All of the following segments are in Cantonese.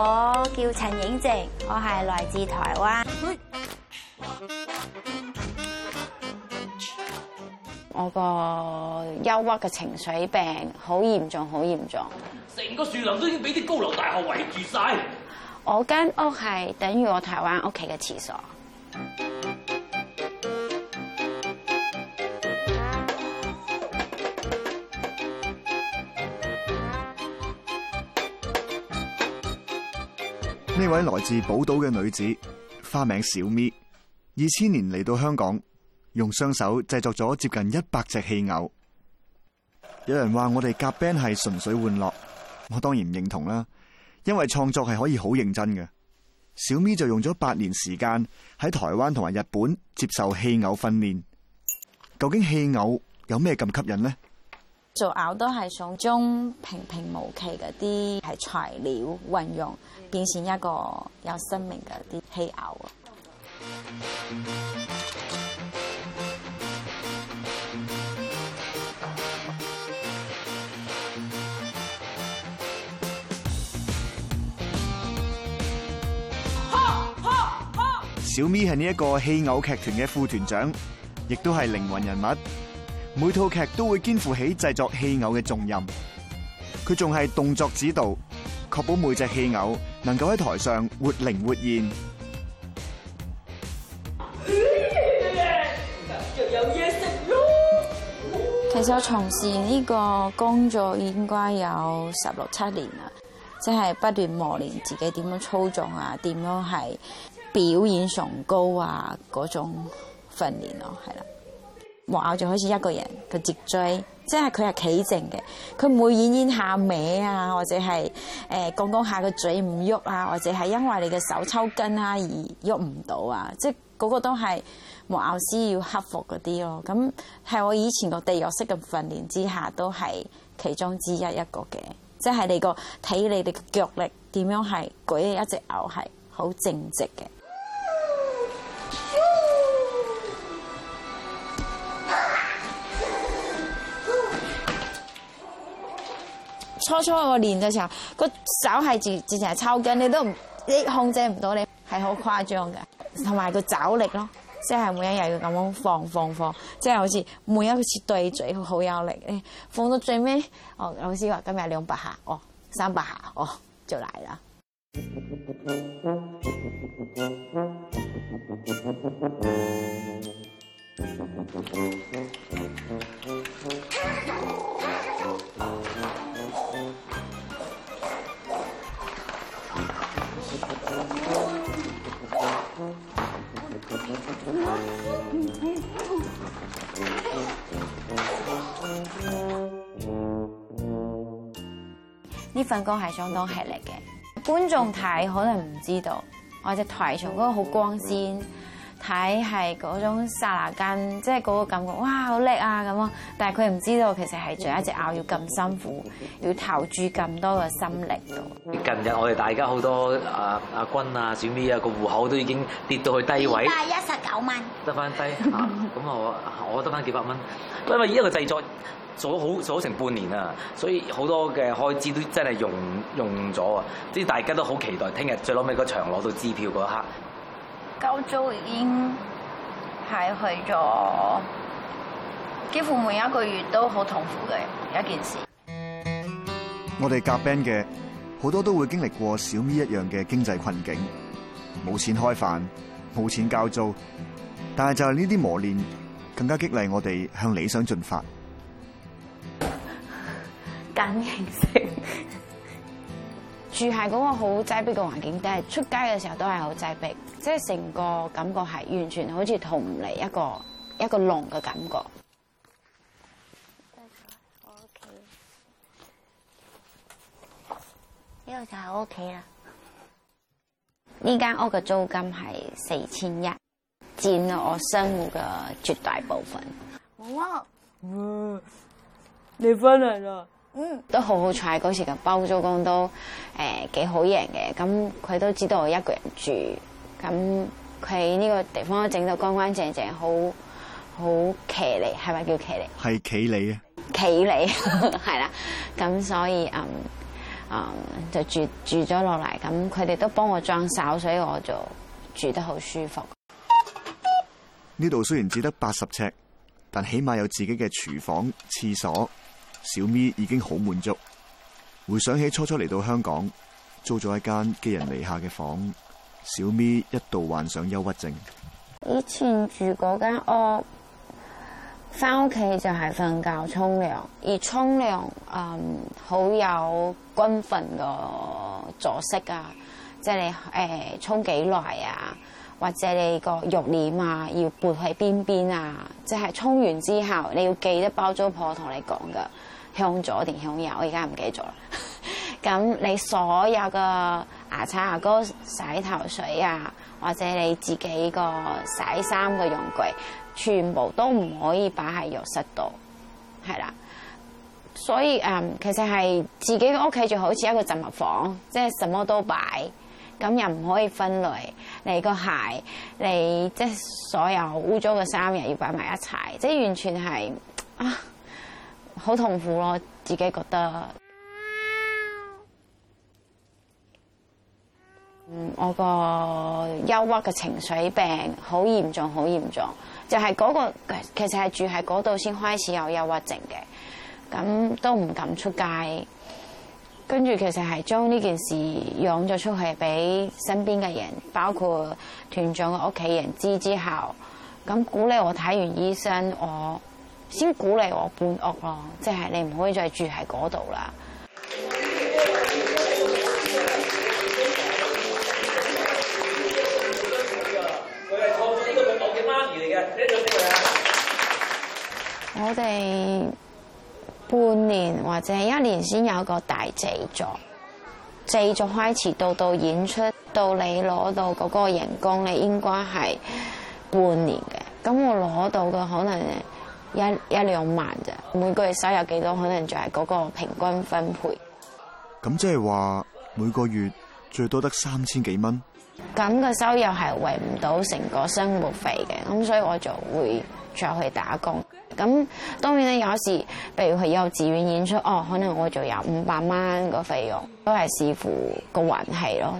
我叫陳映靜，我係來自台灣。我個憂鬱嘅情緒病好嚴重，好嚴重。成個樹林都已經俾啲高樓大廈圍住晒。我間屋係等於我台灣屋企嘅廁所。呢位來自寶島嘅女子，花名小咪，二千年嚟到香港，用雙手製作咗接近一百隻戲偶。有人話我哋夾 band 係純粹玩樂，我當然唔認同啦，因為創作係可以好認真嘅。小咪就用咗八年時間喺台灣同埋日本接受戲偶訓練，究竟戲偶有咩咁吸引呢？做偶都係想將平平無奇嘅啲係材料運用，變成一個有生命嘅啲戲偶。小咪係呢一個戲偶劇團嘅副團長，亦都係靈魂人物。每套劇都會肩負起製作戲偶嘅重任，佢仲係動作指導，確保每隻戲偶能夠喺台上活靈活現。其實我從事呢個工作應該有十六七年啦，即係不斷磨練自己點樣操縱啊，點樣係表演崇高啊嗰種訓練咯，係啦。木偶仲好似一個人嘅脊椎，即係佢係企靜嘅，佢唔會演演下歪啊，或者係誒、呃、講講下個嘴唔喐啊，或者係因為你嘅手抽筋啊而喐唔到啊，即係嗰個都係木偶師要克服嗰啲咯。咁係我以前個地獄式嘅訓練之下，都係其中之一一個嘅，即係你個體力、你嘅腳力點樣係舉起一隻偶係好正直嘅。 初初我練嘅時候，個手係直直情係抽筋，你都唔，你控制唔到，你係好誇張嘅。同埋個爪力咯，即係每一日要咁樣放放放，即係好似每一次對嘴好有力。放到最尾，哦老師話今日兩百下哦，三百下哦，就嚟啦。 份工係相當吃力嘅，觀眾睇可能唔知道，或者台上嗰個好光鮮，睇係嗰種剎那間，即係嗰個感覺，哇，好叻啊咁咯。但係佢唔知道其實係仲有一隻咬要咁辛苦，要投注咁多嘅心力。近日我哋大家好多啊～、呃阿君啊，小咪啊，個戶口都已經跌到去低位，一十九得返低，咁啊， 我得返幾百蚊，因為依一個製作做咗好做咗成半年啊，所以好多嘅開支都真係用用咗啊！即係大家都好期待，聽日最攞尾個場攞到支票嗰一刻，交租已經係去咗，幾乎每一個月都好痛苦嘅一件事。我哋夾 band 嘅。好多都會經歷過小咪一樣嘅經濟困境，冇錢開飯，冇錢交租，但係就係呢啲磨練，更加激勵我哋向理想進發。緊型性住喺嗰個好擠迫嘅環境，但係出街嘅時候都係好擠迫，即係成個感覺係完全好似逃唔嚟一個一個籠嘅感覺。呢個就係我屋企啦，呢間屋嘅租金係四千一，佔咗我生活嘅絕大部分。媽媽，你翻嚟啦？嗯，都好好彩，嗰時嘅包租公都誒幾、呃、好型嘅，咁佢都知道我一個人住，咁佢喺呢個地方整到乾乾淨淨，好好企理，係咪叫企理？係企理啊，企理係啦，咁所以嗯。啊！就住住咗落嚟，咁佢哋都幫我裝修，所以我就住得好舒服。呢度雖然只得八十尺，但起碼有自己嘅廚房、廁所，小咪已經好滿足。回想起初初嚟到香港，租咗一間寄人籬下嘅房，小咪一度患上憂鬱症。以前住嗰間屋。返屋企就係瞓覺、沖涼，而沖涼嗯，好有軍訓個作息啊！即係你誒，沖幾耐啊？或者你個浴簾啊要撥喺邊邊啊？即係沖完之後你要記得包租婆同你講㗎，向左定向右？我而家唔記咗啦。咁你所有嘅牙刷牙膏、洗頭水啊，或者你自己個洗衫嘅用具。全部都唔可以擺喺浴室度，係啦，所以誒，其實係自己嘅屋企就好似一個雜物房，即係什麼都擺，咁又唔可以分類。你個鞋，你即係所有污糟嘅衫又要擺埋一齊，即係完全係啊，好痛苦咯，自己覺得。嗯，我個憂鬱嘅情緒病好嚴重，好嚴重，就係、是、嗰、那個其實係住喺嗰度先開始有憂鬱症嘅，咁都唔敢出街，跟住其實係將呢件事講咗出去俾身邊嘅人，包括團長嘅屋企人知之後，咁鼓勵我睇完醫生，我先鼓勵我搬屋咯，即、就、係、是、你唔可以再住喺嗰度啦。我哋半年或者一年先有一個大製作，製作開始到到演出，到你攞到嗰個人工，你應該係半年嘅。咁我攞到嘅可能一一兩萬啫，每個月收入幾多，可能就係嗰個平均分配。咁即係話每個月最多得三千幾蚊。咁嘅收入係維唔到成個生活費嘅，咁所以我就會再去打工。咁當然咧，有時譬如係幼稚園演出，哦，可能我仲有五百蚊個費用，都係視乎個運氣咯。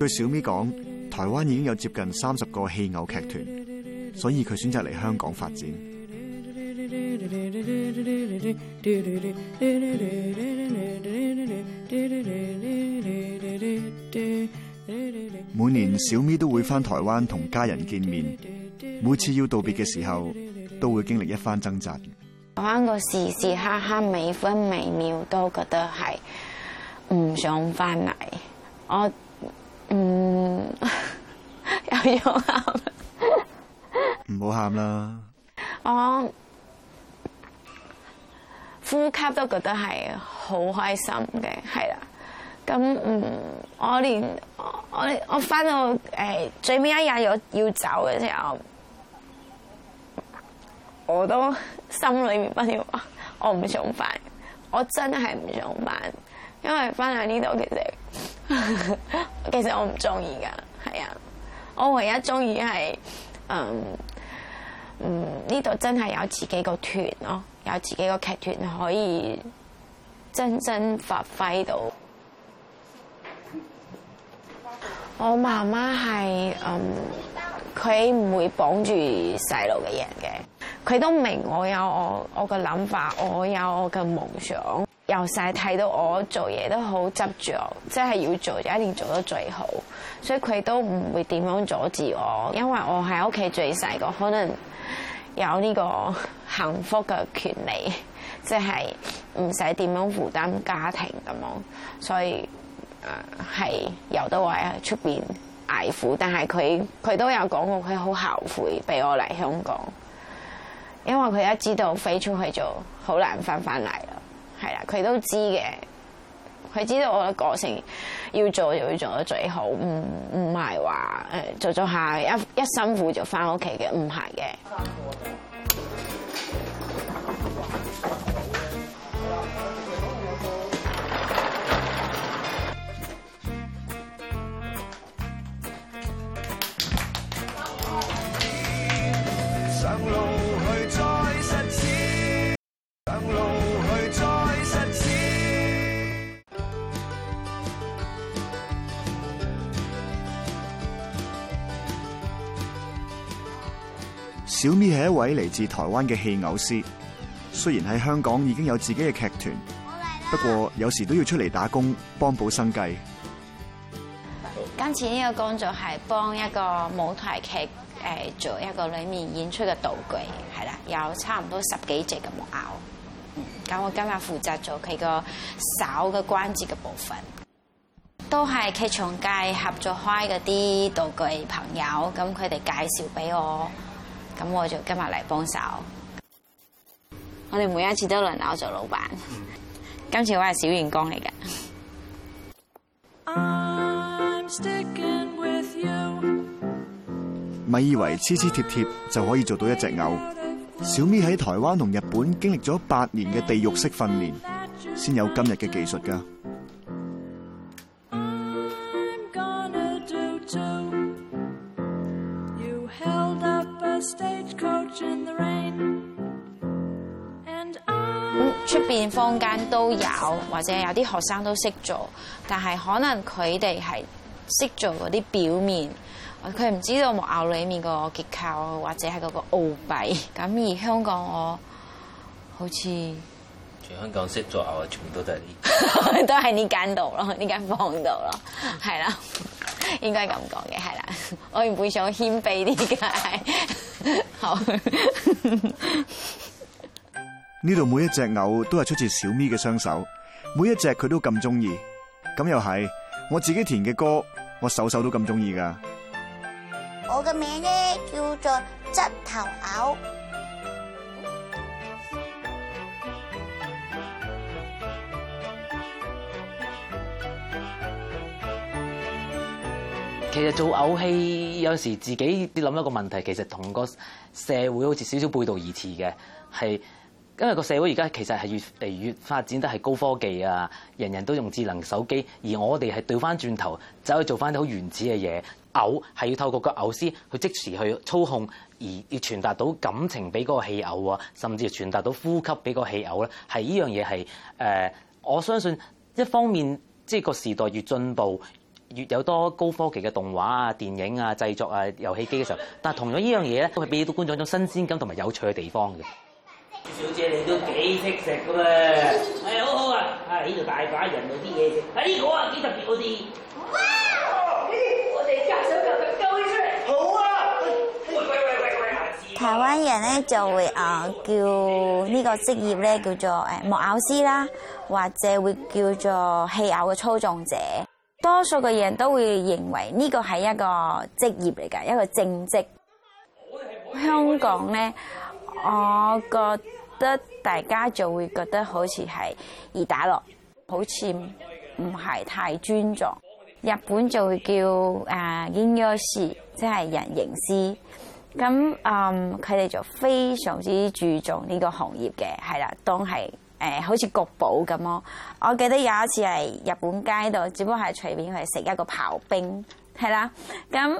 據小咪講，台灣已經有接近三十個戲偶劇團，所以佢選擇嚟香港發展。每年小咪都會翻台灣同家人見面。每次要道別嘅時候，都會經歷一番掙扎。我個時時刻刻每分每秒都覺得係唔想翻嚟，我嗯，又要喊，唔好喊啦，我。嗯 呼吸都覺得係好開心嘅，係啦。咁嗯，我連我我翻到誒、欸、最尾一日我要，要走嘅時候，我都心裏面不斷，我唔想翻，我真係唔想翻。因為翻嚟呢度其實呵呵其實我唔中意噶，係啊。我唯一中意係嗯嗯呢度真係有自己個團咯。有自己個劇團可以真真發揮到。我媽媽係嗯，佢唔會綁住細路嘅人嘅，佢都明我有我我嘅諗法，我有我嘅夢想看。由細睇到我做嘢都好執着，即係要做就一定做得最好，所以佢都唔會點樣阻止我，因為我喺屋企最細個，可能。有呢個幸福嘅權利，即係唔使點樣負擔家庭咁咯。所以誒係由得我喺出邊捱苦，但係佢佢都有講過，佢好後悔俾我嚟香港，因為佢一知道飛出去就好難翻翻嚟啦。係啦，佢都知嘅，佢知道我嘅個性要做就會做到最好，唔唔係話誒做咗下一一辛苦就翻屋企嘅，唔係嘅。小咪係一位嚟自台灣嘅戲偶師，雖然喺香港已經有自己嘅劇團，不過有時都要出嚟打工幫補生計。今次呢個工作係幫一個舞台劇誒，做一個裏面演出嘅道具係啦，有差唔多十幾隻嘅木偶。咁我今日負責做佢個手嘅關節嘅部分，都係劇場界合作開嗰啲道具朋友，咁佢哋介紹俾我。咁我就今日嚟幫手，我哋每一次都輪流做老闆。今次我係小員工嚟嘅，咪以為黐黐貼貼貼就可以做到一隻牛。小咪喺台灣同日本經歷咗八年嘅地獄式訓練，先有今日嘅技術㗎。咁出邊坊間都有，或者有啲學生都識做，但係可能佢哋係識做嗰啲表面，佢唔知道木偶裏面個結構或者係嗰個奧秘。咁而香港我好似全香港識做偶嘅全部都喺呢， 都喺呢間度咯，呢間房度咯，係啦，應該咁講嘅係啦，我原本想謙卑啲嘅。 好，呢 度每一隻牛都係出自小咪嘅雙手，每一隻佢都咁中意，咁又係我自己填嘅歌，我首首都咁中意噶。我嘅名咧叫做側頭牛。其實做偶戲有時自己諗一個問題，其實同個社會好似少少背道而馳嘅，係因為個社會而家其實係越嚟越發展得係高科技啊，人人都用智能手機，而我哋係對翻轉頭走去做翻啲好原始嘅嘢，偶係要透過個偶師去即時去操控，而要傳達到感情俾個戲偶啊，甚至係傳達到呼吸俾個戲偶咧，係呢樣嘢係誒，我相信一方面即係個時代越進步。越有多高科技嘅動畫啊、電影啊、製作啊、遊戲機嘅時候，但係同樣呢樣嘢咧，都係俾到觀眾一種新鮮感同埋有趣嘅地方嘅。小姐，你都幾識食㗎嘛？係好好啊！係呢度大把人類啲嘢食。係呢個啊，幾特別好啲。哇！我哋夾手夾腳救起出嚟。好啊！喂喂喂喂！台灣人咧就會啊叫呢個職業咧叫做誒木偶師啦，或者會叫做戲偶嘅操縱者。多數嘅人都會認為呢個係一個職業嚟㗎，一個正職。香港呢，我覺得大家就會覺得好似係二打六，好似唔係太尊重。日本就會叫誒，陰陽師，即係人形師。咁嗯，佢哋就非常之注重呢個行業嘅，係啦，當係。誒，好似國寶咁咯。我記得有一次係日本街度，只不過係隨便去食一個刨冰，係啦。咁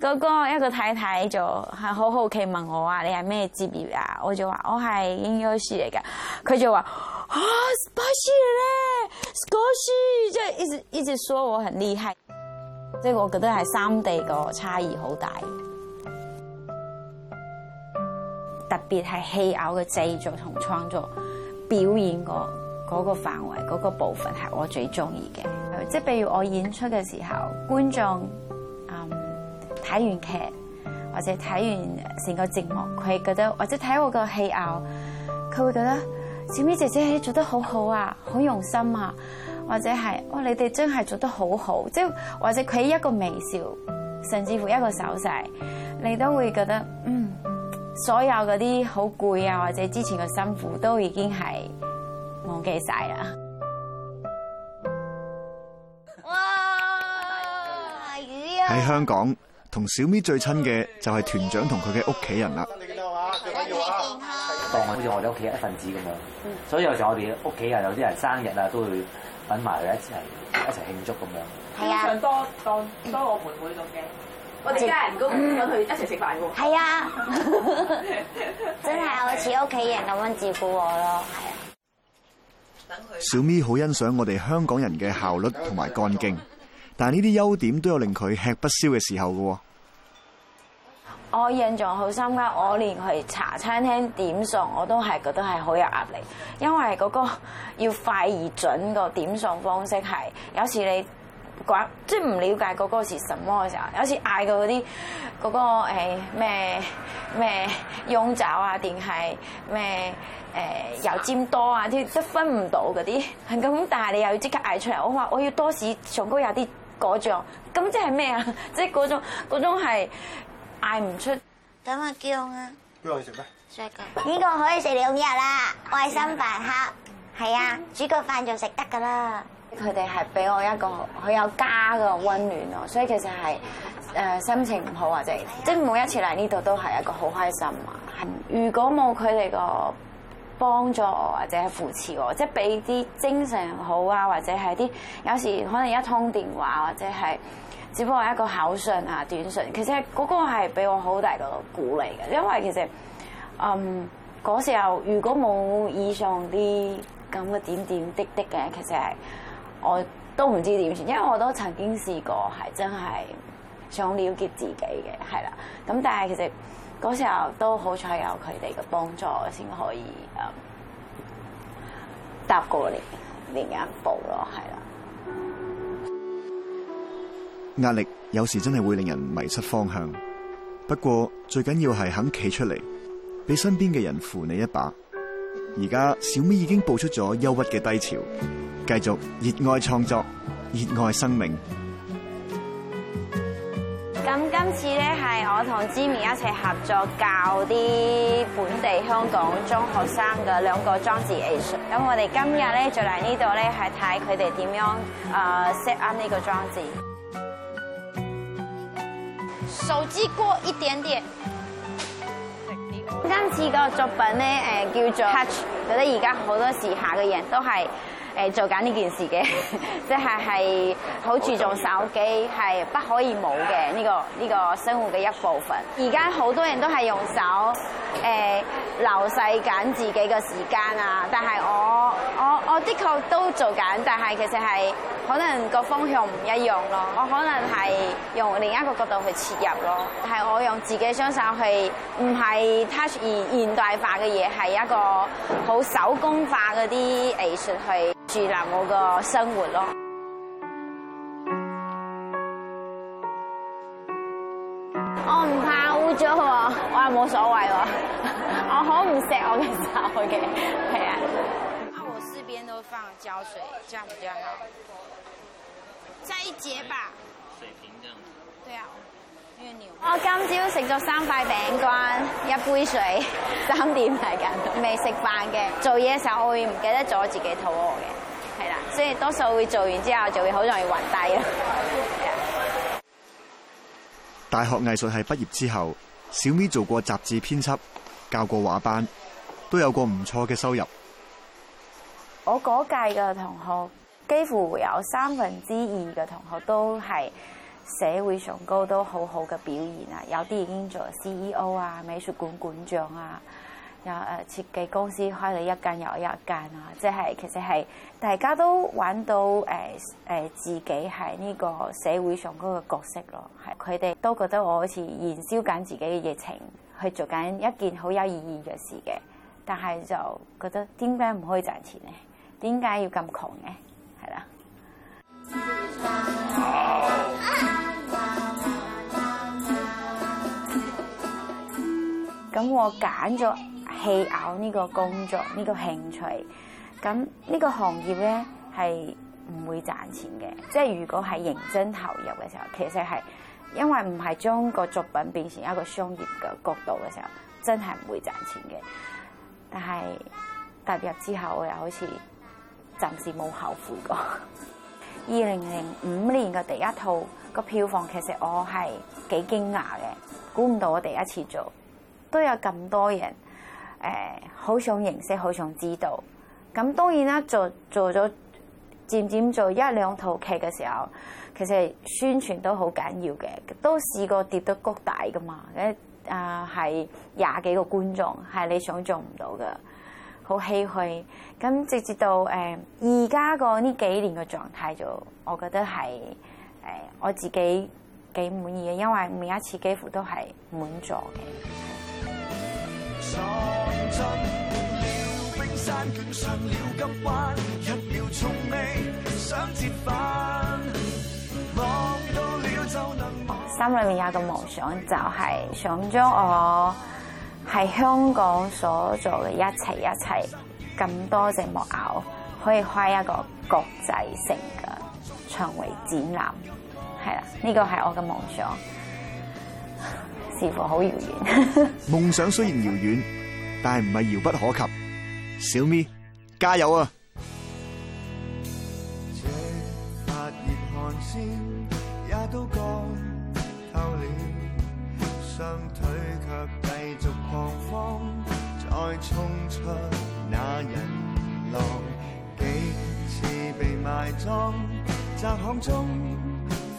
嗰個一個太太就係好好奇問我話：你係咩職業啊？我就話我係英語書嚟㗎。佢就話：嚇，巴西咧，巴西，即係一直一直說我很厲害。即係我覺得係三地個差異好大，特別係戲偶嘅製作同創作。表演個嗰個範圍，嗰個部分係我最中意嘅，即係譬如我演出嘅時候，觀眾啊嗯，睇完劇或者睇完成個節目，佢覺得或者睇我個戲偶，佢會覺得小咪姐姐你做得好好啊，好用心啊，或者係哇 你哋真係做得好好，即係或者佢一個微笑，甚至乎一個手勢，你都會覺得嗯。所有嗰啲好攰啊，或者之前嘅辛苦都已經係忘記晒啦。哇！啊！喺香港同小咪最親嘅就係團長同佢嘅屋企人啦。當佢好似我哋屋企一份子咁樣，所以有時我哋屋企人有啲人生日啊，都會揾埋佢一齊一齊慶祝咁樣。係啊。非常多多，我妹妹都驚。我自家人工咁樣去一齊食飯嘅喎，係啊， 真係好似屋企人咁樣照顧我咯，係啊。小咪好欣賞我哋香港人嘅效率同埋幹勁，但係呢啲優點都有令佢吃不消嘅時候嘅喎。我印象好深刻，我連去茶餐廳點餸我都係覺得係好有壓力，因為嗰個要快而準，嗰個點餸方式係，有時你。即係唔了解嗰個係什麼嘅時候，有時嗌過嗰啲嗰個誒咩咩擁爪啊，定係咩誒油尖多啊，啲都分唔到嗰啲。咁但係你又要即刻嗌出嚟，我話我要多士上高有啲果醬，咁即係咩啊？即係嗰種嗰種係嗌唔出。咁啊叫啊！邊個去食咩？呢個可以食兩日啦，愛心飯盒係啊，煮個飯就食得㗎啦。佢哋係俾我一個好有家嘅溫暖咯，所以其實係誒、呃、心情唔好或者，即係每一次嚟呢度都係一個好開心啊！如果冇佢哋個幫助或者扶持我，即係俾啲精神好啊，或者係啲有時可能一通電話或者係，只不過係一個口信啊、短信，其實嗰個係俾我好大個鼓勵嘅，因為其實嗯嗰時候如果冇以上啲咁嘅點點滴滴嘅，其實係。我都唔知點算，因為我都曾經試過，係真係想了結自己嘅，係啦。咁但係其實嗰時候都好彩有佢哋嘅幫助，先可以誒踏、嗯、過連連一步咯，係啦。壓力有時真係會令人迷失方向，不過最緊要係肯企出嚟，俾身邊嘅人扶你一把。而家小咪已經步出咗憂鬱嘅低潮。繼續熱愛創作，熱愛生命。咁今次咧係我同 Jimmy 一齊合作教啲本地香港中學生嘅兩個裝置藝術。咁我哋今日咧就嚟呢度咧係睇佢哋點樣啊 set up 呢個裝置。手機過一,一點點。今次個作品咧誒叫做 Touch，覺得而家好多時下嘅人都係。誒做緊呢件事嘅，即係係好注重手機，係不可以冇嘅呢個呢、呢個生活嘅一部分。而家好多人都係用手流、呃、流逝緊自己嘅時間啊，但係我我我的確都做緊，但係其實係。可能個方向唔一樣咯，我可能係用另一個角度去切入咯，係我用自己雙手去，唔係 touch 現現代化嘅嘢，係一個好手工化嗰啲藝術去注立我個生活咯。 我唔怕污糟，我係冇所謂喎，我好唔錫我嘅手嘅，係啊。啊，我四邊都放膠水，這樣比較好。西姐吧。水平正。對啊，我今朝食咗三塊餅乾，一杯水，三點嚟緊，未食飯嘅。做嘢嘅時候我會唔記得咗自己肚餓嘅，係啦，所以多數會做完之後就會好容易暈低咯。大學藝術系畢業之後，小咪做過雜誌編輯，教過畫班，都有過唔錯嘅收入。我嗰屆嘅同學。幾乎有三分之二嘅同學都係社會上高都好好嘅表現啊！有啲已經做咗 C E O 啊，美術館館長啊，有設計公司開咗一間又有一間啊，即係其實係大家都玩到、呃呃、自己喺呢個社會上高嘅角色咯。係佢哋都覺得我好似燃燒緊自己嘅熱情去做緊一件好有意義嘅事嘅，但係就覺得點解唔可以賺錢咧？點解要咁窮呢？係啦，好。咁我揀咗戲偶呢個工作，呢個興趣。咁呢個行業咧係唔會賺錢嘅，即係如果係認真投入嘅時候，其實係因為唔係將個作品變成一個商業嘅角度嘅時候，真係唔會賺錢嘅。但係踏入之後，我又好似。暫時冇後悔過。二零零五年嘅第一套個票房，其實我係幾驚訝嘅，估唔到我第一次做都有咁多人，誒，好想認識，好想知道。咁當然啦，做做咗，漸漸做一兩套劇嘅時候，其實宣傳都好緊要嘅，都試過跌到谷底㗎嘛。誒啊，係廿幾個觀眾，係你想做唔到嘅。好唏噓，咁直至到誒而家個呢幾年嘅狀態就，我覺得係誒我自己幾滿意嘅，因為每一次幾乎都係滿座嘅。心裏面有個夢想，就係、是、想將我係香港所做嘅一齊一齊咁多隻木偶，可以開一個國際性嘅巡回展覽，係啦，呢個係我嘅夢想，似乎好遙遠。夢 想雖然遙遠，但係唔係遙不可及，小咪加油啊！再衝出那人浪，幾次被埋葬，窄巷中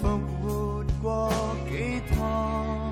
復活過幾趟。